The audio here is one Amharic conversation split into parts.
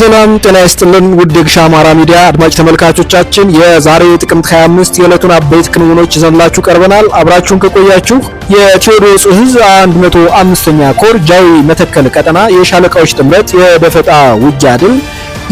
ሰላም ጤና ይስጥልን ውድ የግሻ አማራ ሚዲያ አድማጭ ተመልካቾቻችን የዛሬው ጥቅምት 25 የዕለቱን አበይት ክንውኖች ይዘንላችሁ ቀርበናል። አብራችሁን ከቆያችሁ የቴዎድሮስ ዕዝ 105ኛ ኮር ጃዊ መተከል ቀጠና የሻለቃዎች ጥምረት የደፈጣ ውጊያ ድል፣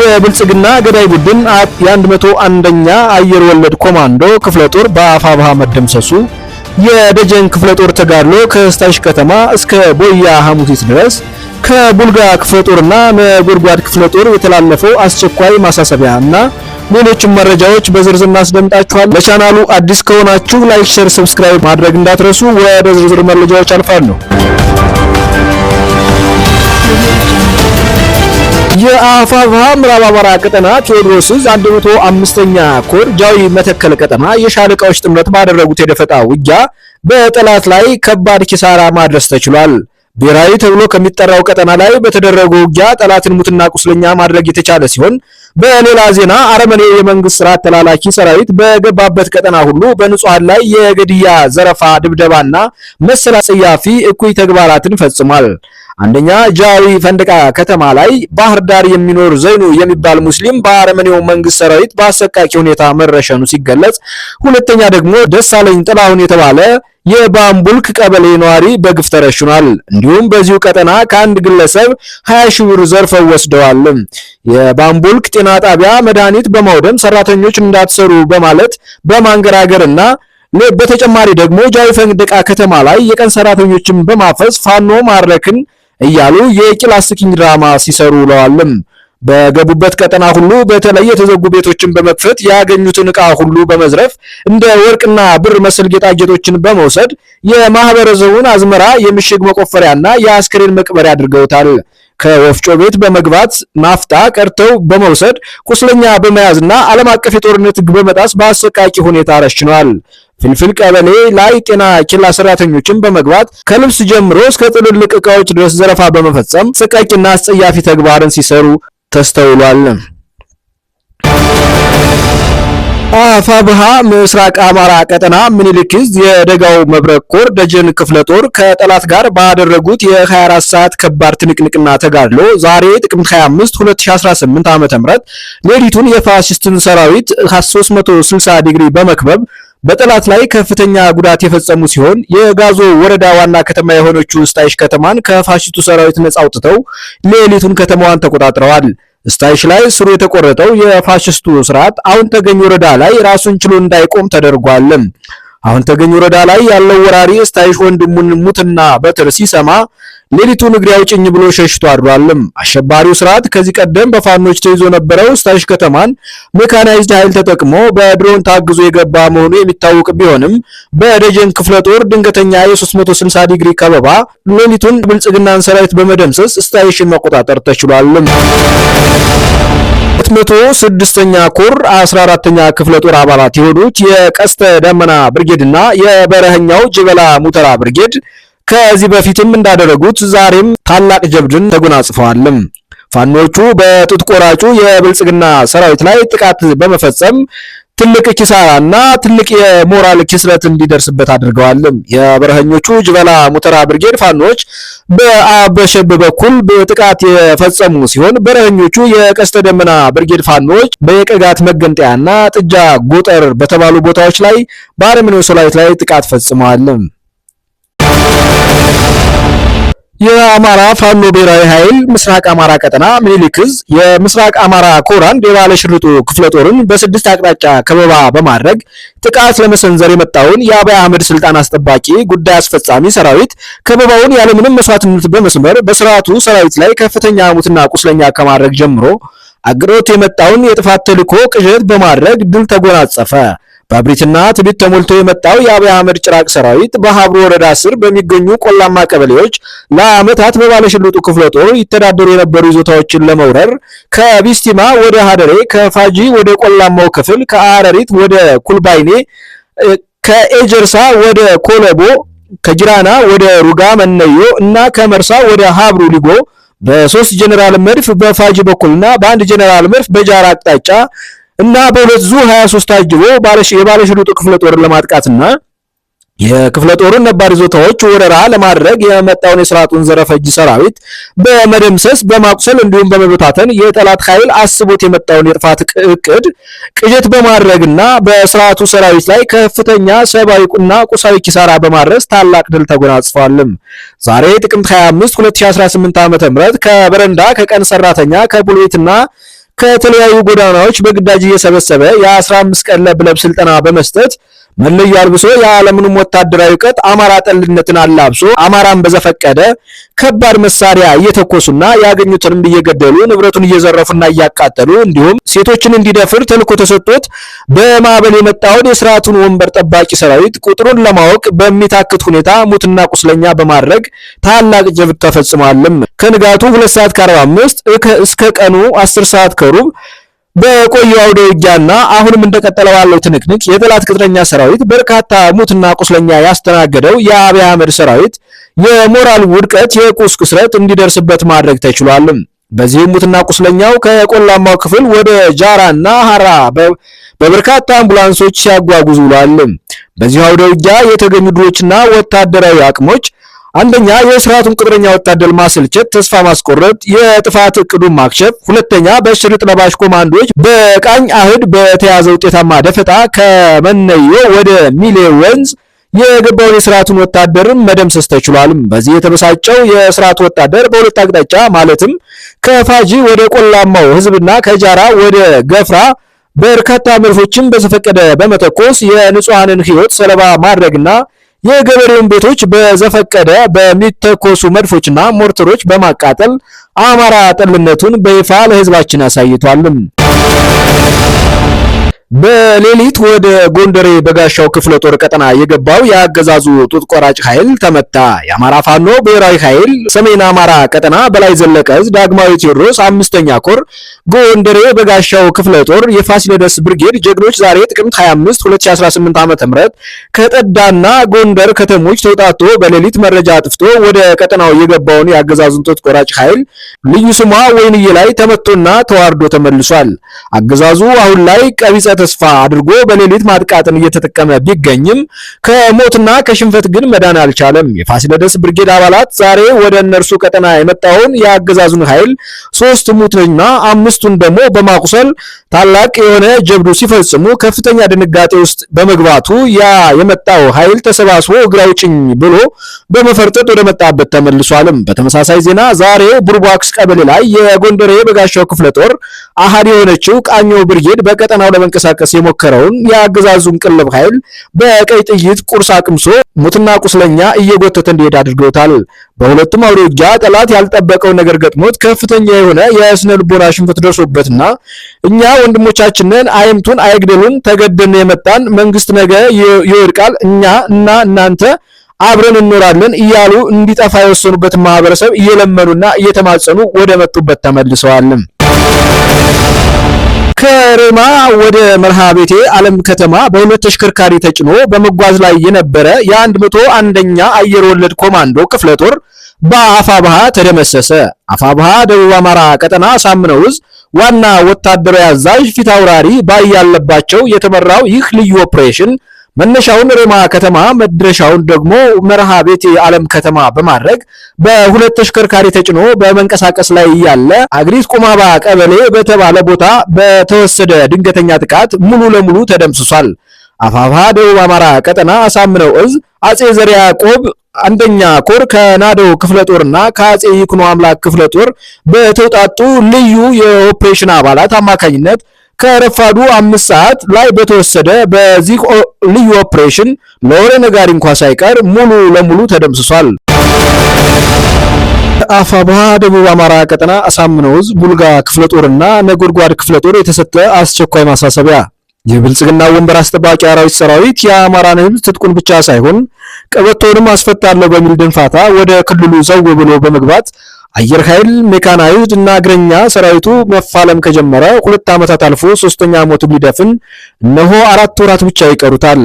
የብልጽግና ገዳይ ቡድን አፕ የ101ኛ አየር ወለድ ኮማንዶ ክፍለ ጦር በአፋብሃ መደምሰሱ፣ የደጀን ክፍለ ጦር ተጋድሎ ከስታሽ ከተማ እስከ ቦያ ሐሙሲት ድረስ ከቡልጋ ክፍለ ጦርና ነጎድጓድ ክፍለ ጦር የተላለፈው አስቸኳይ ማሳሰቢያ እና ሌሎችም መረጃዎች በዝርዝር እናስደምጣችኋል። ለቻናሉ አዲስ ከሆናችሁ ላይክ፣ ሼር፣ ሰብስክራይብ ማድረግ እንዳትረሱ። ወደ ዝርዝር መረጃዎች አልፋለሁ። የአፋብኃ ምዕራብ አማራ ቀጠና ቴዎድሮስ ዕዝ 105ኛ ኮር ጃዊ መተከል ቀጠና የሻለቃዎች ጥምረት ባደረጉት የደፈጣ ውጊያ በጠላት ላይ ከባድ ኪሳራ ማድረስ ተችሏል። ብሔራዊ ተብሎ ከሚጠራው ቀጠና ላይ በተደረገው ውጊያ ጠላትን ሙትና ቁስለኛ ማድረግ የተቻለ ሲሆን፣ በሌላ ዜና አረመኔ የመንግስት ስራ ተላላኪ ሰራዊት በገባበት ቀጠና ሁሉ በንጹሃን ላይ የግድያ፣ ዘረፋ፣ ድብደባና መሰል አጸያፊ እኩይ ተግባራትን ፈጽሟል። አንደኛ ጃዊ ፈንደቃ ከተማ ላይ ባህር ዳር የሚኖር ዘይኑ የሚባል ሙስሊም በአረመኔው መንግስት ሰራዊት በአሰቃቂ ሁኔታ መረሸኑ ሲገለጽ፣ ሁለተኛ ደግሞ ደሳለኝ ጥላሁን የተባለ የባምቡልክ ቀበሌ ነዋሪ በግፍ ተረሽኗል። እንዲሁም በዚሁ ቀጠና ከአንድ ግለሰብ 20 ሺህ ብር ዘርፈው ወስደዋል። የባምቡልክ ጤና ጣቢያ መድኃኒት በማውደም ሰራተኞች እንዳትሰሩ በማለት በማንገራገርና በተጨማሪ ደግሞ ጃዊ ፈንድቃ ከተማ ላይ የቀን ሰራተኞችን በማፈስ ፋኖ ማረክን እያሉ የቂል ድራማ ሲሰሩ ውለዋልም። በገቡበት ቀጠና ሁሉ በተለይ የተዘጉ ቤቶችን በመክፈት ያገኙትን ዕቃ ሁሉ በመዝረፍ እንደ ወርቅና ብር መሰል ጌጣጌጦችን በመውሰድ የማህበረሰቡን አዝመራ የምሽግ መቆፈሪያና የአስክሬን መቅበሪያ አድርገውታል። ከወፍጮ ቤት በመግባት ናፍጣ ቀርተው በመውሰድ ቁስለኛ በመያዝና ዓለም አቀፍ የጦርነት ሕግ በመጣስ በአሰቃቂ ሁኔታ ረሽኗል። ፍልፍል ቀበሌ ላይ ጤና ኬላ ሰራተኞችን በመግባት ከልብስ ጀምሮ እስከ ትልልቅ ዕቃዎች ድረስ ዘረፋ በመፈጸም አሰቃቂና አስጸያፊ ተግባርን ሲሰሩ ተስተውሏል። አፋብሃ ምስራቅ አማራ ቀጠና ምኒልክ የደጋው መብረቅ ኮር ደጀን ክፍለ ጦር ከጠላት ጋር ባደረጉት የ24 ሰዓት ከባድ ትንቅንቅና ተጋድሎ ዛሬ ጥቅምት 25 2018 ዓ.ም ሌሊቱን የፋሽስትን ሰራዊት 360 ዲግሪ በመክበብ በጠላት ላይ ከፍተኛ ጉዳት የፈጸሙ ሲሆን የጋዞ ወረዳ ዋና ከተማ የሆነችው ስታይሽ ከተማን ከፋሽስቱ ሰራዊት ነጻ አውጥተው ሌሊቱን ከተማዋን ተቆጣጥረዋል። ስታይሽ ላይ ስሩ የተቆረጠው የፋሽስቱ ስርዓት አሁን ተገኝ ወረዳ ላይ ራሱን ችሎ እንዳይቆም ተደርጓል። አሁን ተገኝ ወረዳ ላይ ያለው ወራሪ ስታይሽ ወንድሙን ሙትና በትር ሲሰማ ሌሊቱን እግሬ አውጭኝ ብሎ ሸሽቶ አድሯልም። አሸባሪው ስርዓት ከዚህ ቀደም በፋኖች ተይዞ ነበረው ስታሽ ከተማን ሜካናይዝድ ኃይል ተጠቅሞ በድሮን ታግዞ የገባ መሆኑ የሚታወቅ ቢሆንም በደጀን ክፍለ ጦር ድንገተኛ የ360 ዲግሪ ከበባ ሌሊቱን ብልጽግናን ሰራዊት በመደምሰስ ስታሽን መቆጣጠር ተችሏልም። ሁለት መቶ ስድስተኛ ኮር 14ኛ ክፍለ ጦር አባላት የሆኑት የቀስተ ደመና ብርጌድና የበረሃኛው ጅበላ ሙተራ ብርጌድ ከዚህ በፊትም እንዳደረጉት ዛሬም ታላቅ ጀብድን ተጎናጽፈዋልም። ፋኖቹ በጡት ቆራጩ የብልጽግና ሰራዊት ላይ ጥቃት በመፈጸም ትልቅ ኪሳራና ትልቅ የሞራል ኪስረት እንዲደርስበት አድርገዋል። የበረሃኞቹ ጅበላ ሙተራ ብርጌድ ፋኖች በአበሸብ በኩል ጥቃት የፈጸሙ ሲሆን በረሃኞቹ የቀስተ ደመና ብርጌድ ፋኖች በየቀጋት መገንጠያና ጥጃ ጎጠር በተባሉ ቦታዎች ላይ በአረመኔው ሰራዊት ላይ ጥቃት ፈጽመዋል። የአማራ ፋኖ ብሔራዊ ኃይል ምስራቅ አማራ ቀጠና ምኒልክ የምስራቅ አማራ ኮር አንድ የባለ ሽርጡ ክፍለ ጦርን በስድስት አቅጣጫ ከበባ በማድረግ ጥቃት ለመሰንዘር የመጣውን የአብይ አህመድ ስልጣን አስጠባቂ ጉዳይ አስፈጻሚ ሰራዊት ከበባውን ያለምንም መስዋዕትነት በመስመር በስርዓቱ ሰራዊት ላይ ከፍተኛ ሙትና ቁስለኛ ከማድረግ ጀምሮ አግሮት የመጣውን የጥፋት ተልዕኮ ቅዠት በማድረግ ድል ተጎናጸፈ። በእብሪትና ትዕቢት ተሞልቶ የመጣው የአብይ አህመድ ጭራቅ ሰራዊት በሀብሮ ወረዳ ስር በሚገኙ ቆላማ ቀበሌዎች ለአመታት በባለሽልጡ ክፍለ ጦር ይተዳደሩ የነበሩ ይዞታዎችን ለመውረር ከቢስቲማ ወደ ሀደሬ፣ ከፋጂ ወደ ቆላማው ክፍል፣ ከአረሪት ወደ ኩልባይኔ፣ ከኤጀርሳ ወደ ኮለቦ፣ ከጅራና ወደ ሩጋ መነዮ እና ከመርሳ ወደ ሀብሩ ሊጎ በሶስት ጀኔራል መድፍ በፋጂ በኩልና በአንድ ጀኔራል መድፍ በጃራ አቅጣጫ እና በሁለት ዙ 23 ታጅቦ የባለሽሩጡ ክፍለ ጦርን ለማጥቃትና የክፍለ ጦሩን ነባር ይዞታዎች ወረራ ለማድረግ የመጣውን የስርዓቱን ዘረፈጅ ሰራዊት በመደምሰስ በማቁሰል እንዲሁም በመበታተን የጠላት ኃይል አስቦት የመጣውን የጥፋት እቅድ ቅጅት በማድረግና በስርዓቱ ሰራዊት ላይ ከፍተኛ ሰብአዊና ቁሳዊ ኪሳራ በማድረስ ታላቅ ድል ተጎናጽፏልም። ዛሬ ጥቅምት 25 2018 ዓ.ም ከበረንዳ ከቀን ሰራተኛ ከቡሌትና ከተለያዩ ጎዳናዎች በግዳጅ እየሰበሰበ የ15 ቀን ለብለብ ስልጠና በመስጠት መለዩ አልብሶ የዓለምንም ወታደራዊ ቀጥ አማራ ጠልነትን አላብሶ አማራን በዘፈቀደ ከባድ መሳሪያ እየተኮሱና ያገኙትንም እየገደሉ ንብረቱን እየዘረፉና እያቃጠሉ እንዲሁም ሴቶችን እንዲደፍር ተልኮ ተሰጥቶት በማዕበል የመጣውን የስርዓቱን ወንበር ጠባቂ ሰራዊት ቁጥሩን ለማወቅ በሚታክት ሁኔታ ሙትና ቁስለኛ በማድረግ ታላቅ ጀብድ ተፈጽሟልም። ከንጋቱ 2 ሰዓት ከ45 እስከ ቀኑ 10 ሰዓት ከሩብ በቆየው አውደ ውጊያና አሁንም እንደቀጠለ ባለው ትንቅንቅ የጠላት ቅጥረኛ ሰራዊት በርካታ ሙትና ቁስለኛ ያስተናገደው የአብይ አህመድ ሰራዊት የሞራል ውድቀት፣ የቁስ ቁስረት እንዲደርስበት ማድረግ ተችሏል። በዚህም ሙትና ቁስለኛው ከቆላማው ክፍል ወደ ጃራና ሐራ በበርካታ አምቡላንሶች ሲያጓጉዝ ውሏል። በዚህ አውደ ውጊያ የተገኙ ድሎችና ወታደራዊ አቅሞች አንደኛ የስርዓቱን ቅጥረኛ ወታደር ማሰልቸት፣ ተስፋ ማስቆረጥ፣ የጥፋት እቅዱን ማክሸፍ። ሁለተኛ በሽርጥ ለባሽ ኮማንዶች በቃኝ አህድ በተያዘ ውጤታማ ደፈጣ ከመነዮ ወደ ሚሌ ወንዝ የገባውን የስርዓቱን ወታደርም መደምሰስ ተችሏል። በዚህ የተበሳጨው የስርዓቱ ወታደር በሁለት አቅጣጫ ማለትም ከፋጂ ወደ ቆላማው ህዝብና ከጃራ ወደ ገፍራ በርካታ መድፎችን በዘፈቀደ በመተኮስ የንጹሐንን ህይወት ሰለባ ማድረግና የገበሬውን ቤቶች በዘፈቀደ በሚተኮሱ መድፎችና ሞርተሮች በማቃጠል አማራ ጠልነቱን በይፋ ለህዝባችን አሳይቷልም። በሌሊት ወደ ጎንደሬ በጋሻው ክፍለ ጦር ቀጠና የገባው የአገዛዙ ጡት ቆራጭ ኃይል ተመታ። የአማራ ፋኖ ብሔራዊ ኃይል ሰሜን አማራ ቀጠና በላይ ዘለቀ ዕዝ ዳግማዊ ቴዎድሮስ አምስተኛ ኮር ጎንደሬ በጋሻው ክፍለ ጦር የፋሲለደስ ብርጌድ ጀግኖች ዛሬ ጥቅምት 25 2018 ዓ.ም ከጠዳና ጎንደር ከተሞች ተውጣቶ በሌሊት መረጃ አጥፍቶ ወደ ቀጠናው የገባውን የአገዛዙን ጡት ቆራጭ ኃይል ልዩ ስሟ ወይንዬ ላይ ተመቶና ተዋርዶ ተመልሷል። አገዛዙ አሁን ላይ ቀቢጸ ተስፋ አድርጎ በሌሊት ማጥቃትን እየተጠቀመ ቢገኝም ከሞትና ከሽንፈት ግን መዳን አልቻለም። የፋሲለደስ ብርጌድ አባላት ዛሬ ወደ እነርሱ ቀጠና የመጣውን የአገዛዙን ኃይል ሶስት ሙትና አምስቱን ደግሞ በማቁሰል ታላቅ የሆነ ጀብዱ ሲፈጽሙ ከፍተኛ ድንጋጤ ውስጥ በመግባቱ ያ የመጣው ኃይል ተሰባስቦ እግር አውጭኝ ብሎ በመፈርጠጥ ወደ መጣበት ተመልሷልም። በተመሳሳይ ዜና ዛሬ ቡርቧክስ ቀበሌ ላይ የጎንደሬ በጋሻው ክፍለ ጦር አሃድ የሆነችው ቃኞ ብርጌድ በቀጠናው ለመንቀሳ ለመንቀሳቀስ የሞከረውን የአገዛዙን ቅልብ ኃይል በቀይ ጥይት ቁርስ አቅምሶ ሙትና ቁስለኛ እየጎተተ እንዲሄድ አድርገውታል። በሁለቱም አውደ ውጊያ ጠላት ያልጠበቀው ነገር ገጥሞት ከፍተኛ የሆነ የስነ ልቦና ሽንፈት ደርሶበትና እኛ ወንድሞቻችንን አይምቱን፣ አይግደሉን ተገደን የመጣን መንግስት ነገ ይወድቃል እኛ እና እናንተ አብረን እንኖራለን እያሉ እንዲጠፋ የወሰኑበትን ማህበረሰብ እየለመኑና እየተማጸኑ ወደ መጡበት ተመልሰዋል። ከሬማ ወደ መርሃ ቤቴ ዓለም ከተማ በሁለት ተሽከርካሪ ተጭኖ በመጓዝ ላይ የነበረ የአንድ መቶ አንደኛ አየር ወለድ ኮማንዶ ክፍለ ጦር በአፋብሃ ተደመሰሰ። አፋብሃ ደቡብ አማራ ቀጠና ሳምነው ዋና ወታደራዊ አዛዥ ፊት አውራሪ ባያለባቸው የተመራው ይህ ልዩ ኦፕሬሽን መነሻውን ሬማ ከተማ መድረሻውን ደግሞ መርሃ ቤት የዓለም ከተማ በማድረግ በሁለት ተሽከርካሪ ተጭኖ በመንቀሳቀስ ላይ ያለ አግሪስ ቁማባ ቀበሌ በተባለ ቦታ በተወሰደ ድንገተኛ ጥቃት ሙሉ ለሙሉ ተደምስሷል። አፋፋ ደቡብ አማራ ቀጠና አሳምነው እዝ አጼ ዘር ያዕቆብ አንደኛ ኮር ከናዶ ክፍለ ጦርና ከአጼ ይኩኖ አምላክ ክፍለ ጦር በተውጣጡ ልዩ የኦፕሬሽን አባላት አማካኝነት ከረፋዱ አምስት ሰዓት ላይ በተወሰደ በዚህ ልዩ ኦፕሬሽን ለወሬ ነጋሪ እንኳ ሳይቀር ሙሉ ለሙሉ ተደምስሷል። አፋባ ደቡብ አማራ ቀጠና አሳምነው ቡልጋ ክፍለ ጦርና ነጎድጓድ ክፍለ ጦር የተሰጠ አስቸኳይ ማሳሰቢያ። የብልጽግና ወንበር አስጠባቂ አራዊት ሰራዊት የአማራን ሕዝብ ትጥቁን ብቻ ሳይሆን ቀበቶንም አስፈታለሁ በሚል ድንፋታ ወደ ክልሉ ዘው ብሎ በመግባት አየር ኃይል ሜካናይዝድ እና እግረኛ ሰራዊቱ መፋለም ከጀመረ ሁለት ዓመታት አልፎ ሶስተኛ ዓመቱን ሊደፍን እነሆ አራት ወራት ብቻ ይቀሩታል።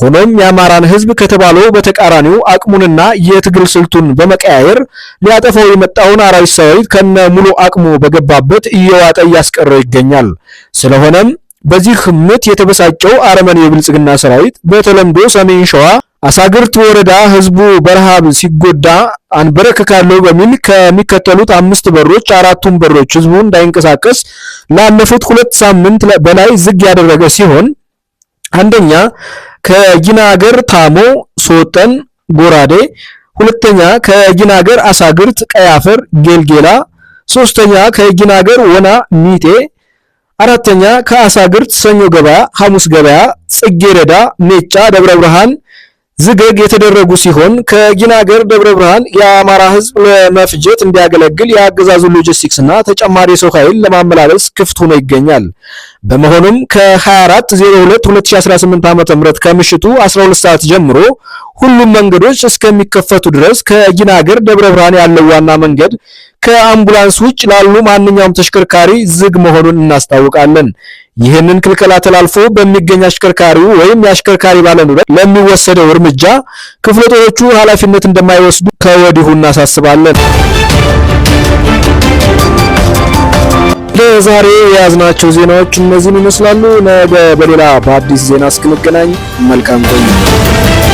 ሆኖም የአማራን ሕዝብ ከተባለው በተቃራኒው አቅሙንና የትግል ስልቱን በመቀያየር ሊያጠፋው የመጣውን አራዊት ሰራዊት ከነ ሙሉ አቅሙ በገባበት እየዋጠ እያስቀረ ይገኛል። ስለሆነም በዚህ ምት የተበሳጨው አረመን የብልጽግና ሰራዊት በተለምዶ ሰሜን ሸዋ አሳግርት ወረዳ ህዝቡ በረሃብ ሲጎዳ አንበረከካለሁ በሚል ከሚከተሉት አምስት በሮች አራቱን በሮች ህዝቡ እንዳይንቀሳቀስ ላለፉት ሁለት ሳምንት በላይ ዝግ ያደረገ ሲሆን አንደኛ ከጊና ሀገር ታሞ ሶጠን ጎራዴ፣ ሁለተኛ ከጊና ሀገር አሳግርት ቀያፈር ጌልጌላ፣ ሶስተኛ ከጊና ሀገር ወና ሚጤ አራተኛ ከአሳግርት ሰኞ ገበያ ሐሙስ ገበያ ጽጌረዳ ሜጫ ደብረ ብርሃን ዝግግ የተደረጉ ሲሆን ከጊናገር ደብረ ብርሃን የአማራ ህዝብ ለመፍጀት እንዲያገለግል የአገዛዙ ሎጂስቲክስ እና ተጨማሪ የሰው ኃይል ለማመላለስ ክፍት ሆኖ ይገኛል። በመሆኑም ከ24/02/2018 ከምሽቱ 12 ሰዓት ጀምሮ ሁሉም መንገዶች እስከሚከፈቱ ድረስ ከጊናገር ደብረ ብርሃን ያለው ዋና መንገድ ከአምቡላንስ ውጭ ላሉ ማንኛውም ተሽከርካሪ ዝግ መሆኑን እናስታውቃለን። ይህንን ክልከላ ተላልፎ በሚገኝ አሽከርካሪው ወይም የአሽከርካሪ ባለንብረት ለሚወሰደው እርምጃ ክፍለ ጦሮቹ ኃላፊነት እንደማይወስዱ ከወዲሁ እናሳስባለን። ለዛሬ የያዝናቸው ዜናዎች እነዚህን ይመስላሉ። ነገ በሌላ በአዲስ ዜና እስክንገናኝ መልካም ቆይታ።